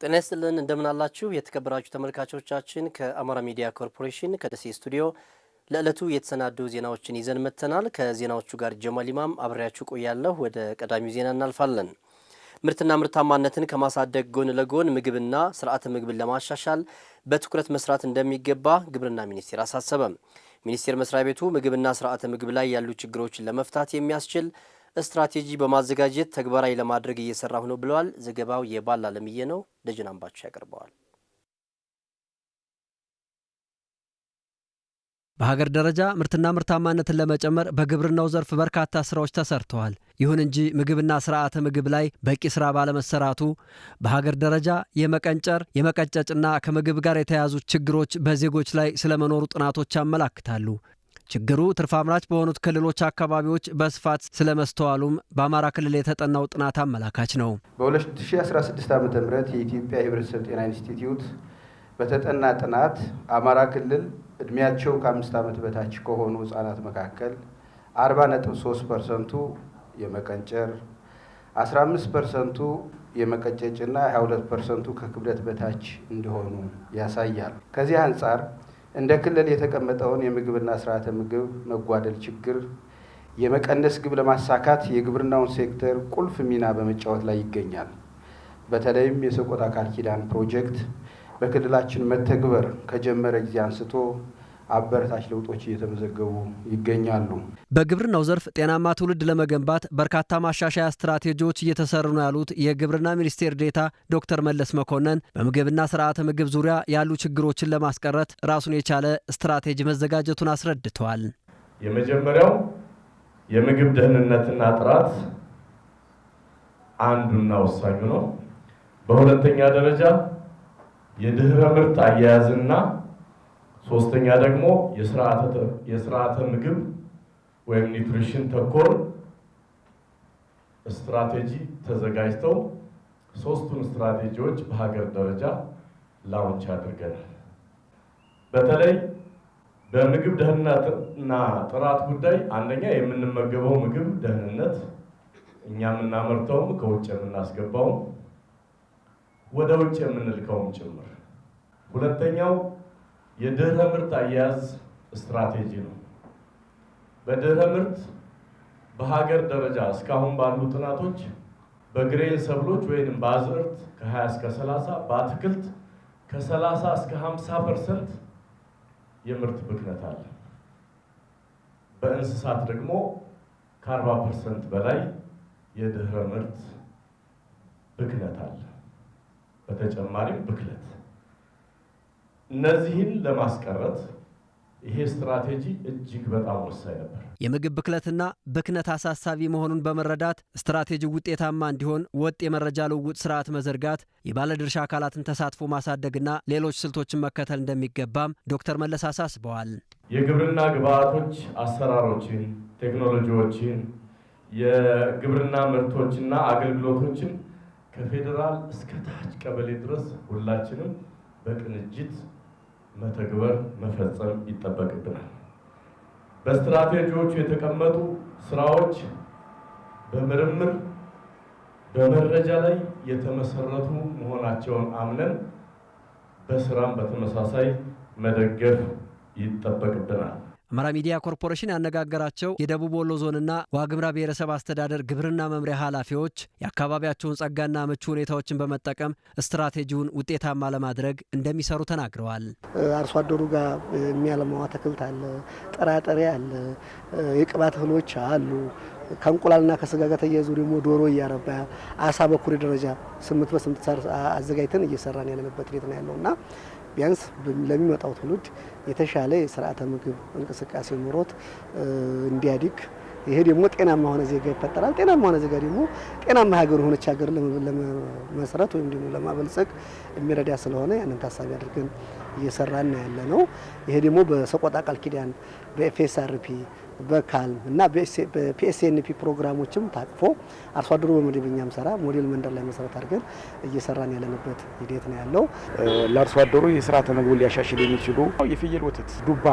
ጤና ይስጥልን እንደምናላችሁ የተከበራችሁ ተመልካቾቻችን፣ ከአማራ ሚዲያ ኮርፖሬሽን ከደሴ ስቱዲዮ ለዕለቱ የተሰናዱ ዜናዎችን ይዘን መጥተናል። ከዜናዎቹ ጋር ጀማል ኢማም አብሬያችሁ ቆያለሁ። ወደ ቀዳሚው ዜና እናልፋለን። ምርትና ምርታማነትን ከማሳደግ ጎን ለጎን ምግብና ስርዓተ ምግብን ለማሻሻል በትኩረት መስራት እንደሚገባ ግብርና ሚኒስቴር አሳሰበም። ሚኒስቴር መስሪያ ቤቱ ምግብና ስርዓተ ምግብ ላይ ያሉ ችግሮችን ለመፍታት የሚያስችል ስትራቴጂ በማዘጋጀት ተግባራዊ ለማድረግ እየሰራሁ ነው ብለዋል። ዘገባው የባላ ለምዬ ነው፣ ደጀን አምባቸው ያቀርበዋል። በሀገር ደረጃ ምርትና ምርታማነትን ለመጨመር በግብርናው ዘርፍ በርካታ ስራዎች ተሰርተዋል። ይሁን እንጂ ምግብና ስርዓተ ምግብ ላይ በቂ ስራ ባለመሰራቱ በሀገር ደረጃ የመቀንጨር የመቀጨጭና ከምግብ ጋር የተያያዙ ችግሮች በዜጎች ላይ ስለመኖሩ ጥናቶች ያመላክታሉ። ችግሩ ትርፍ አምራች በሆኑት ክልሎች አካባቢዎች በስፋት ስለመስተዋሉም በአማራ ክልል የተጠናው ጥናት አመላካች ነው። በ2016 ዓ ም የኢትዮጵያ ህብረተሰብ ጤና ኢንስቲትዩት በተጠና ጥናት አማራ ክልል እድሜያቸው ከአምስት ዓመት በታች ከሆኑ ህጻናት መካከል 40.3 ፐርሰንቱ የመቀንጨር 15 ፐርሰንቱ የመቀጨጭና 22 ፐርሰንቱ ከክብደት በታች እንደሆኑ ያሳያል። ከዚህ አንጻር እንደ ክልል የተቀመጠውን የምግብና ስርዓተ ምግብ መጓደል ችግር የመቀነስ ግብ ለማሳካት የግብርናውን ሴክተር ቁልፍ ሚና በመጫወት ላይ ይገኛል። በተለይም የሰቆጣ ቃል ኪዳን ፕሮጀክት በክልላችን መተግበር ከጀመረ ጊዜ አንስቶ አበረታች ለውጦች እየተመዘገቡ ይገኛሉ። በግብርናው ዘርፍ ጤናማ ትውልድ ለመገንባት በርካታ ማሻሻያ ስትራቴጂዎች እየተሰሩ ነው ያሉት የግብርና ሚኒስቴር ዴታ ዶክተር መለስ መኮንን በምግብና ስርዓተ ምግብ ዙሪያ ያሉ ችግሮችን ለማስቀረት ራሱን የቻለ ስትራቴጂ መዘጋጀቱን አስረድተዋል። የመጀመሪያው የምግብ ደህንነትና ጥራት አንዱና ወሳኙ ነው። በሁለተኛ ደረጃ የድህረ ምርት አያያዝና ሶስተኛ ደግሞ የስርዓተ ምግብ ወይም ኒውትሪሽን ተኮር ስትራቴጂ ተዘጋጅተው ሶስቱን ስትራቴጂዎች በሀገር ደረጃ ላውንች አድርገናል። በተለይ በምግብ ደህንነትና ጥራት ጉዳይ አንደኛ የምንመገበው ምግብ ደህንነት እኛ የምናመርተውም ከውጭ የምናስገባውም ወደ ውጭ የምንልከውም ጭምር። ሁለተኛው የድህረ ምርት አያያዝ ስትራቴጂ ነው። በድህረ ምርት በሀገር ደረጃ እስካሁን ባሉ ጥናቶች በግሬን ሰብሎች ወይም በአዝርት ከ20 እስከ 30 በአትክልት ከ30 እስከ 50 ፐርሰንት የምርት ብክነት አለ። በእንስሳት ደግሞ ከ40 ፐርሰንት በላይ የድህረ ምርት ብክነት አለ። በተጨማሪም ብክለት። እነዚህን ለማስቀረት ይሄ ስትራቴጂ እጅግ በጣም ወሳኝ ነበር። የምግብ ብክለትና ብክነት አሳሳቢ መሆኑን በመረዳት ስትራቴጂ ውጤታማ እንዲሆን ወጥ የመረጃ ልውውጥ ስርዓት መዘርጋት፣ የባለድርሻ አካላትን ተሳትፎ ማሳደግና ሌሎች ስልቶችን መከተል እንደሚገባም ዶክተር መለስ አሳስበዋል። የግብርና ግብዓቶች አሰራሮችን፣ ቴክኖሎጂዎችን፣ የግብርና ምርቶችና አገልግሎቶችን ከፌዴራል እስከ ታች ቀበሌ ድረስ ሁላችንም በቅንጅት መተግበር መፈጸም ይጠበቅብናል። በስትራቴጂዎቹ የተቀመጡ ስራዎች በምርምር በመረጃ ላይ የተመሰረቱ መሆናቸውን አምነን በስራም በተመሳሳይ መደገፍ ይጠበቅብናል። አማራ ሚዲያ ኮርፖሬሽን ያነጋገራቸው የደቡብ ወሎ ዞንና ዋግምራ ብሔረሰብ አስተዳደር ግብርና መምሪያ ኃላፊዎች የአካባቢያቸውን ጸጋና ምቹ ሁኔታዎችን በመጠቀም ስትራቴጂውን ውጤታማ ለማድረግ እንደሚሰሩ ተናግረዋል። አርሶ አደሩ ጋር የሚያለማው አትክልት አለ፣ ጥራጥሬ አለ፣ የቅባት እህሎች አሉ። ከእንቁላልና ከስጋ ጋር ተያይዞ ደግሞ ዶሮ እያረባ አሳ በኩሬ ደረጃ ስምንት በስምንት አዘጋጅተን እየሰራን ያለንበት ሁኔታ ነው እና ቢያንስ ለሚመጣው ትውልድ የተሻለ የስርዓተ ምግብ እንቅስቃሴ ኑሮት እንዲያድግ ይሄ ደግሞ ጤናማ ሆነ ዜጋ ይፈጠራል። ጤናማ ሆነ ዜጋ ደግሞ ጤናማ ሀገር ሆነች ሀገር ለመመስረት ወይም ደግሞ ለማበልጸግ የሚረዳ ስለሆነ ያንን ታሳቢ አድርገን እየሰራን ያለ ነው። ይሄ ደግሞ በሰቆጣ ቃል ኪዳን በኤፍኤስአርፒ በካልም እና በፒኤስኤንፒ ፕሮግራሞችም ታቅፎ አርሶ አደሩ በመደበኛም ሰራ ሞዴል መንደር ላይ መሰረት አድርገን እየሰራን ያለንበት ሂደት ነው ያለው። ለአርሶ አደሩ የስርዓተ ምግቡን ሊያሻሽል የሚችሉ የፍየል ወተት፣ ዱባ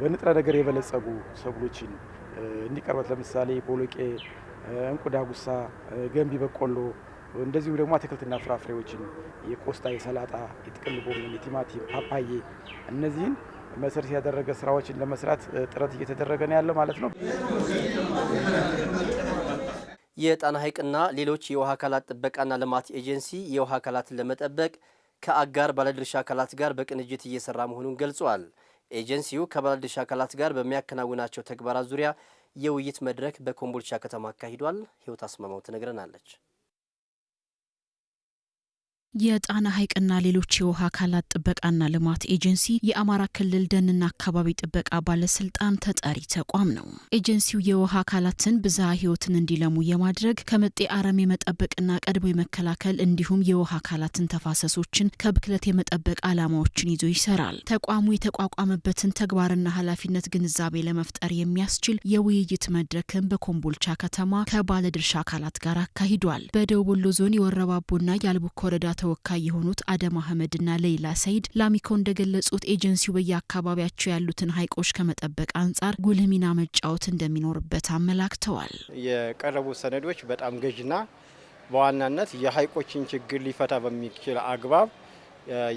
በንጥረ ነገር የበለጸጉ ሰብሎችን እንዲቀርበት ለምሳሌ ቦሎቄ፣ እንቁዳ ጉሳ፣ ገንቢ በቆሎ እንደዚሁ ደግሞ አትክልትና ፍራፍሬዎችን የቆስጣ፣ የሰላጣ፣ የጥቅል ጎመን፣ የቲማቲም፣ ፓፓዬ እነዚህን መሰረት ያደረገ ስራዎችን ለመስራት ጥረት እየተደረገ ነው ያለው ማለት ነው። የጣና ሐይቅና ሌሎች የውሃ አካላት ጥበቃና ልማት ኤጀንሲ የውሃ አካላትን ለመጠበቅ ከአጋር ባለድርሻ አካላት ጋር በቅንጅት እየሰራ መሆኑን ገልጿል። ኤጀንሲው ከባለድርሻ አካላት ጋር በሚያከናውናቸው ተግባራት ዙሪያ የውይይት መድረክ በኮምቦልቻ ከተማ አካሂዷል። ህይወት አስማማው ትነግረናለች። የጣና ሐይቅና ሌሎች የውሃ አካላት ጥበቃና ልማት ኤጀንሲ የአማራ ክልል ደንና አካባቢ ጥበቃ ባለስልጣን ተጠሪ ተቋም ነው። ኤጀንሲው የውሃ አካላትን ብዝሃ ሕይወትን እንዲለሙ የማድረግ ከመጤ አረም የመጠበቅና ቀድሞ የመከላከል እንዲሁም የውሃ አካላትን ተፋሰሶችን ከብክለት የመጠበቅ ዓላማዎችን ይዞ ይሰራል። ተቋሙ የተቋቋመበትን ተግባርና ኃላፊነት ግንዛቤ ለመፍጠር የሚያስችል የውይይት መድረክን በኮምቦልቻ ከተማ ከባለድርሻ አካላት ጋር አካሂዷል። በደቡብ ወሎ ዞን የወረባቦና የአልቡኮ ወረዳ ተወካይ የሆኑት አደም አህመድና ሌይላ ሰይድ ላሚኮ እንደገለጹት ኤጀንሲው በየአካባቢያቸው ያሉትን ሀይቆች ከመጠበቅ አንጻር ጉልህ ሚና መጫወት እንደሚኖርበት አመላክተዋል። የቀረቡ ሰነዶች በጣም ገዥና በዋናነት የሀይቆችን ችግር ሊፈታ በሚችል አግባብ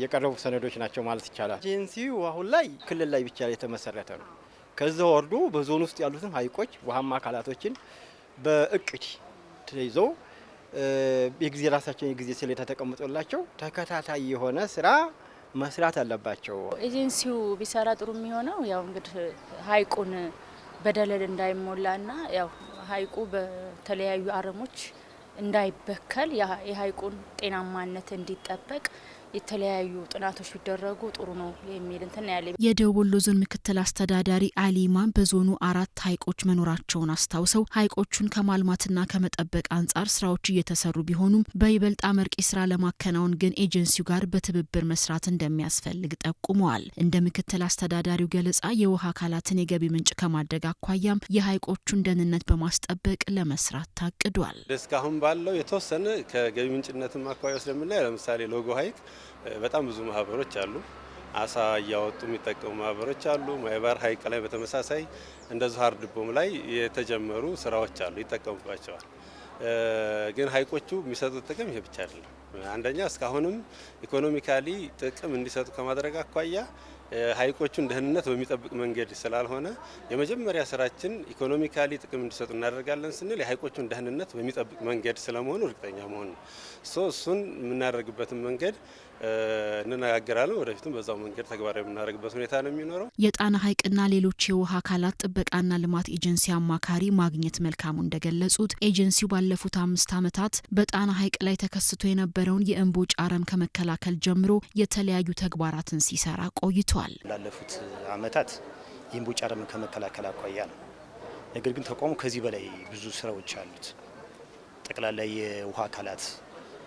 የቀረቡ ሰነዶች ናቸው ማለት ይቻላል። ኤጀንሲው አሁን ላይ ክልል ላይ ብቻ የተመሰረተ ነው። ከዛ ወርዶ በዞን ውስጥ ያሉትን ሀይቆች ውሃማ አካላቶችን በእቅድ ተይዘው የጊዜ ራሳቸውን የጊዜ ሰሌዳ ተቀምጦላቸው ተከታታይ የሆነ ስራ መስራት አለባቸው። ኤጀንሲው ቢሰራ ጥሩ የሚሆነው ያው እንግዲህ ሀይቁን በደለል እንዳይሞላና ያው ሀይቁ በተለያዩ አረሞች እንዳይበከል የሀይቁን ጤናማነት እንዲጠበቅ የተለያዩ ጥናቶች ቢደረጉ ጥሩ ነው የሚል እንትን ያለ የደቡብ ወሎ ዞን ምክትል አስተዳዳሪ አሊማ በዞኑ አራት ሀይቆች መኖራቸውን አስታውሰው ሀይቆቹን ከማልማትና ከመጠበቅ አንጻር ስራዎች እየተሰሩ ቢሆኑም በይበልጥ አመርቂ ስራ ለማከናወን ግን ኤጀንሲው ጋር በትብብር መስራት እንደሚያስፈልግ ጠቁመዋል። እንደ ምክትል አስተዳዳሪው ገለጻ የውሃ አካላትን የገቢ ምንጭ ከማድረግ አኳያም የሀይቆቹን ደህንነት በማስጠበቅ ለመስራት ታቅዷል። እስካሁን ባለው የተወሰነ ከገቢ ምንጭነትም አኳያ ስለምናይ ለምሳሌ ሎጎ ሀይቅ በጣም ብዙ ማህበሮች አሉ። አሳ እያወጡ የሚጠቀሙ ማህበሮች አሉ። ማይባር ሀይቅ ላይ በተመሳሳይ እንደዚ ድቦም ላይ የተጀመሩ ስራዎች አሉ፣ ይጠቀሙባቸዋል። ግን ሀይቆቹ የሚሰጡት ጥቅም ይሄ ብቻ አይደለም። አንደኛ እስካሁንም ኢኮኖሚካሊ ጥቅም እንዲሰጡ ከማድረግ አኳያ ሀይቆቹን ደህንነት በሚጠብቅ መንገድ ስላልሆነ የመጀመሪያ ስራችን ኢኮኖሚካሊ ጥቅም እንዲሰጡ እናደርጋለን ስንል የሀይቆቹን ደህንነት በሚጠብቅ መንገድ ስለመሆኑ እርግጠኛ መሆን ነው። እሱን የምናደርግበትን መንገድ እንነጋገራለን። ወደፊትም በዛው መንገድ ተግባራዊ የምናደርግበት ሁኔታ ነው የሚኖረው። የጣና ሐይቅና ሌሎች የውሃ አካላት ጥበቃና ልማት ኤጀንሲ አማካሪ ማግኘት መልካሙ እንደገለጹት ኤጀንሲው ባለፉት አምስት ዓመታት በጣና ሐይቅ ላይ ተከስቶ የነበረውን የእምቦጭ አረም ከመከላከል ጀምሮ የተለያዩ ተግባራትን ሲሰራ ቆይቷል። ላለፉት ዓመታት የእምቦጭ አረምን ከመከላከል አኳያ ነው። ነገር ግን ተቋሙ ከዚህ በላይ ብዙ ስራዎች አሉት። ጠቅላላ የውሃ አካላት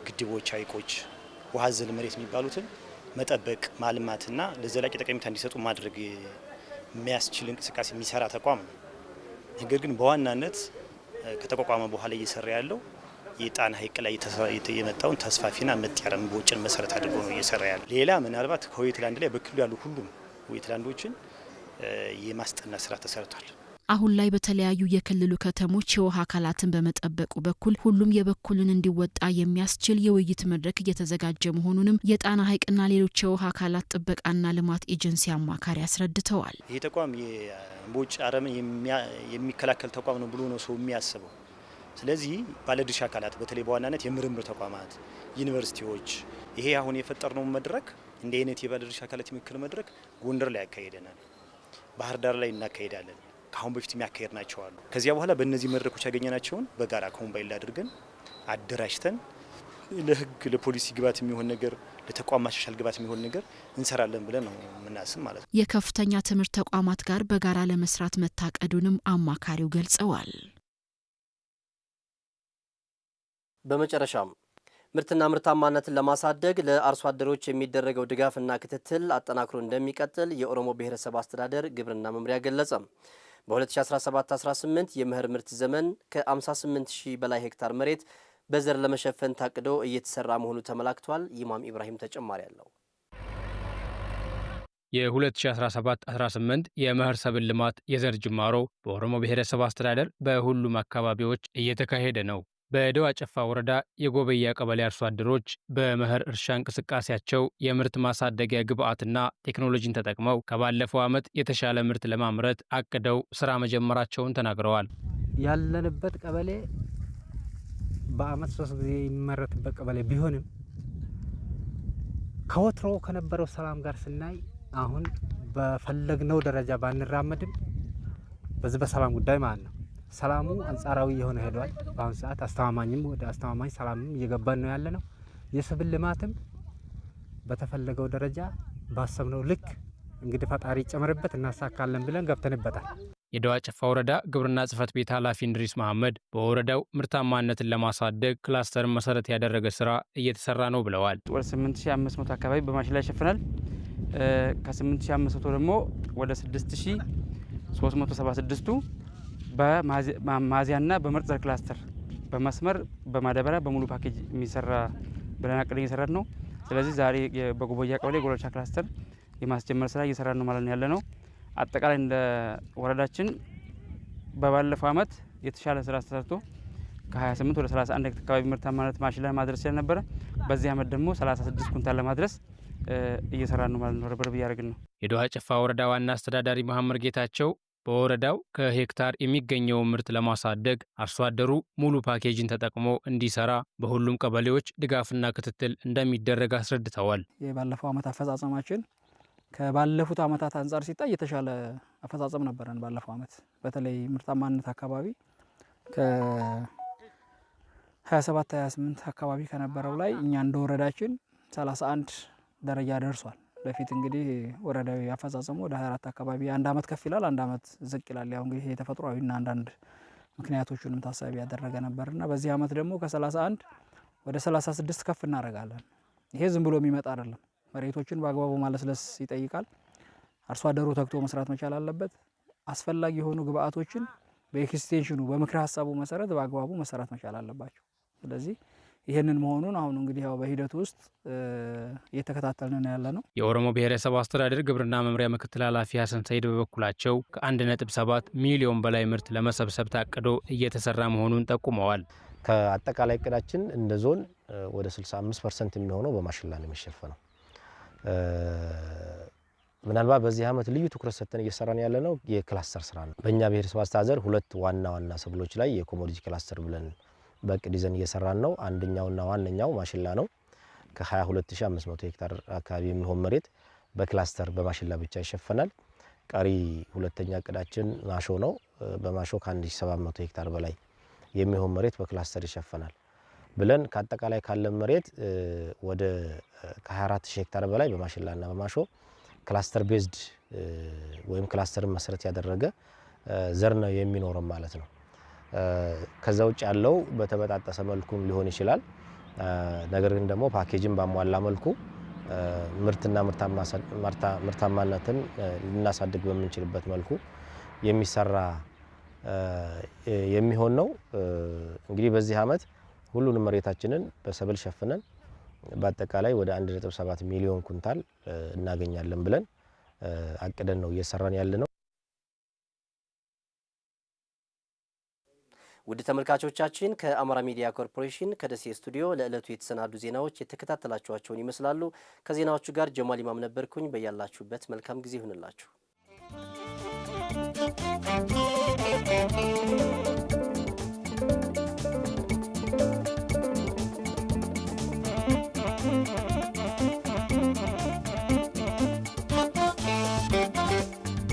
ግድቦች፣ ሐይቆች ውሃ አዘል መሬት የሚባሉትን መጠበቅ ማልማትና ለዘላቂ ጠቀሜታ እንዲሰጡ ማድረግ የሚያስችል እንቅስቃሴ የሚሰራ ተቋም ነው። ነገር ግን በዋናነት ከተቋቋመ በኋላ እየሰራ ያለው የጣና ሐይቅ ላይ የመጣውን ተስፋፊና መጤ አረም መሰረት አድርጎ ነው እየሰራ ያለው። ሌላ ምናልባት ከዌትላንድ ላይ በክልሉ ያሉ ሁሉም ዌትላንዶችን የማስጠና ስራ ተሰርቷል። አሁን ላይ በተለያዩ የክልሉ ከተሞች የውሃ አካላትን በመጠበቁ በኩል ሁሉም የበኩልን እንዲወጣ የሚያስችል የውይይት መድረክ እየተዘጋጀ መሆኑንም የጣና ሐይቅና ሌሎች የውሃ አካላት ጥበቃና ልማት ኤጀንሲ አማካሪ አስረድተዋል። ይህ ተቋም የእምቦጭ አረምን የሚከላከል ተቋም ነው ብሎ ነው ሰው የሚያስበው። ስለዚህ ባለድርሻ አካላት በተለይ በዋናነት የምርምር ተቋማት፣ ዩኒቨርሲቲዎች ይሄ አሁን የፈጠርነው መድረክ እንደ አይነት የባለድርሻ አካላት የምክክር መድረክ ጎንደር ላይ ያካሄደናል፣ ባህር ዳር ላይ እናካሄዳለን ከአሁን በፊት የሚያካሄድ ናቸው አሉ። ከዚያ በኋላ በእነዚህ መድረኮች ያገኘናቸውን በጋራ ኮምባይል አድርገን አደራጅተን ለህግ ለፖሊሲ ግባት የሚሆን ነገር ለተቋም ማሻሻል ግባት የሚሆን ነገር እንሰራለን ብለን ነው የምናስብ ማለት ነው። የከፍተኛ ትምህርት ተቋማት ጋር በጋራ ለመስራት መታቀዱንም አማካሪው ገልጸዋል። በመጨረሻም ምርትና ምርታማነትን ለማሳደግ ለአርሶ አደሮች የሚደረገው ድጋፍና ክትትል አጠናክሮ እንደሚቀጥል የኦሮሞ ብሔረሰብ አስተዳደር ግብርና መምሪያ ገለጸ። በ2017-18 የመኸር ምርት ዘመን ከ58 ሺህ በላይ ሄክታር መሬት በዘር ለመሸፈን ታቅዶ እየተሰራ መሆኑ ተመላክቷል። ይማም ኢብራሂም ተጨማሪ አለው። የ2017-18 የመኸር ሰብል ልማት የዘር ጅማሮ በኦሮሞ ብሔረሰብ አስተዳደር በሁሉም አካባቢዎች እየተካሄደ ነው። በደዋ ጨፋ ወረዳ የጎበያ ቀበሌ አርሶ አደሮች በመኸር እርሻ እንቅስቃሴያቸው የምርት ማሳደጊያ ግብዓትና ቴክኖሎጂን ተጠቅመው ከባለፈው ዓመት የተሻለ ምርት ለማምረት አቅደው ስራ መጀመራቸውን ተናግረዋል። ያለንበት ቀበሌ በዓመት ሶስት ጊዜ የሚመረትበት ቀበሌ ቢሆንም ከወትሮ ከነበረው ሰላም ጋር ስናይ አሁን በፈለግነው ደረጃ ባንራመድም በዚህ በሰላም ጉዳይ ማለት ነው ሰላሙ አንጻራዊ የሆነ ሄዷል። በአሁኑ ሰዓት አስተማማኝም ወደ አስተማማኝ ሰላምም እየገባን ነው ያለ ነው። የሰብል ልማትም በተፈለገው ደረጃ ባሰብነው ልክ እንግዲህ ፈጣሪ ይጨምርበት እናሳካለን ብለን ገብተንበታል። የደዋ ጭፋ ወረዳ ግብርና ጽህፈት ቤት ኃላፊ እንድሪስ መሐመድ በወረዳው ምርታማነትን ለማሳደግ ክላስተርን መሰረት ያደረገ ስራ እየተሰራ ነው ብለዋል። ወደ 8500 አካባቢ በማሽላ ይሸፍናል። ከ8500 ደግሞ ወደ 6376ቱ በማዚያና በምርጥ ክላስተር በመስመር በማዳበሪያ በሙሉ ፓኬጅ የሚሰራ ብለን አቅደ እየሰራን ነው። ስለዚህ ዛሬ በጉቦያ ቀበሌ ጎሎቻ ክላስተር የማስጀመር ስራ እየሰራ ነው ማለት ነው ያለ ነው። አጠቃላይ እንደ ወረዳችን በባለፈው አመት የተሻለ ስራ ተሰርቶ ከ28 ወደ 31 ሄክታር አካባቢ ምርታማነት ማሽላ ማድረስ ስለነበረ በዚህ አመት ደግሞ 36 ኩንታል ለማድረስ እየሰራ ነው ማለት ነው። ርብርብ እያደረግን ነው። የዶሃ ጭፋ ወረዳ ዋና አስተዳዳሪ መሀመድ ጌታቸው በወረዳው ከሄክታር የሚገኘውን ምርት ለማሳደግ አርሶ አደሩ ሙሉ ፓኬጅን ተጠቅሞ እንዲሰራ በሁሉም ቀበሌዎች ድጋፍና ክትትል እንደሚደረግ አስረድተዋል። ባለፈው ዓመት አፈጻጸማችን ከባለፉት ዓመታት አንጻር ሲታይ የተሻለ አፈጻጸም ነበረን። ባለፈው ዓመት በተለይ ምርታማነት አካባቢ ከ27 28 አካባቢ ከነበረው ላይ እኛ እንደ ወረዳችን 31 ደረጃ ደርሷል። በፊት እንግዲህ ወረዳዊ አፈጻጸሙ ወደ 24 አካባቢ አንድ ዓመት ከፍ ይላል፣ አንድ ዓመት ዝቅ ይላል። ያው እንግዲህ የተፈጥሯዊና አንዳንድ ምክንያቶቹንም ታሳቢ ያደረገ ነበር በዚህ አመት ደግሞ ከ31 ወደ 36 ከፍ እናደርጋለን። ይሄ ዝም ብሎ የሚመጣ አይደለም። መሬቶችን በአግባቡ ማለስለስ ይጠይቃል። አርሶ አደሩ ተግቶ መስራት መቻል አለበት። አስፈላጊ የሆኑ ግብአቶችን በኤክስቴንሽኑ በምክረ ሀሳቡ መሰረት በአግባቡ መሰራት መቻል አለባቸው። ስለዚህ ይህንን መሆኑን አሁን እንግዲህ ያው በሂደቱ ውስጥ እየተከታተልን ያለ ነው። የኦሮሞ ብሔረሰብ አስተዳደር ግብርና መምሪያ ምክትል ኃላፊ ሀሰን ሰይድ በበኩላቸው ከ1.7 ሚሊዮን በላይ ምርት ለመሰብሰብ ታቅዶ እየተሰራ መሆኑን ጠቁመዋል። ከአጠቃላይ እቅዳችን እንደ ዞን ወደ 65 ፐርሰንት የሚሆነው በማሽላ ነው የሚሸፈነው። ምናልባት በዚህ ዓመት ልዩ ትኩረት ሰጥተን እየሰራን ያለ ነው የክላስተር ስራ ነው። በእኛ ብሔረሰብ አስተዳደር ሁለት ዋና ዋና ሰብሎች ላይ የኮሞዲቲ ክላስተር ብለን በእቅድ ይዘን እየሰራን ነው። አንደኛውና ዋነኛው ማሽላ ነው። ከ22500 ሄክታር አካባቢ የሚሆን መሬት በክላስተር በማሽላ ብቻ ይሸፈናል። ቀሪ ሁለተኛ እቅዳችን ማሾ ነው። በማሾ ከ1700 ሄክታር በላይ የሚሆን መሬት በክላስተር ይሸፈናል ብለን ከአጠቃላይ ካለን መሬት ወደ ከ 24000 ሄክታር በላይ በማሽላና በማሾ ክላስተር ቤዝድ ወይም ክላስተርን መሰረት ያደረገ ዘር ነው የሚኖረው ማለት ነው። ከዛ ውጭ ያለው በተበጣጠሰ መልኩም ሊሆን ይችላል። ነገር ግን ደግሞ ፓኬጅን ባሟላ መልኩ ምርትና ምርታማነትን ልናሳድግ በምንችልበት መልኩ የሚሰራ የሚሆን ነው። እንግዲህ በዚህ ዓመት ሁሉንም መሬታችንን በሰብል ሸፍነን በአጠቃላይ ወደ 1.7 ሚሊዮን ኩንታል እናገኛለን ብለን አቅደን ነው እየሰራን ያለ ነው። ውድ ተመልካቾቻችን ከአማራ ሚዲያ ኮርፖሬሽን ከደሴ ስቱዲዮ ለዕለቱ የተሰናዱ ዜናዎች የተከታተላችኋቸውን ይመስላሉ። ከዜናዎቹ ጋር ጀማል ኢማም ነበርኩኝ። በያላችሁበት መልካም ጊዜ ይሁንላችሁ።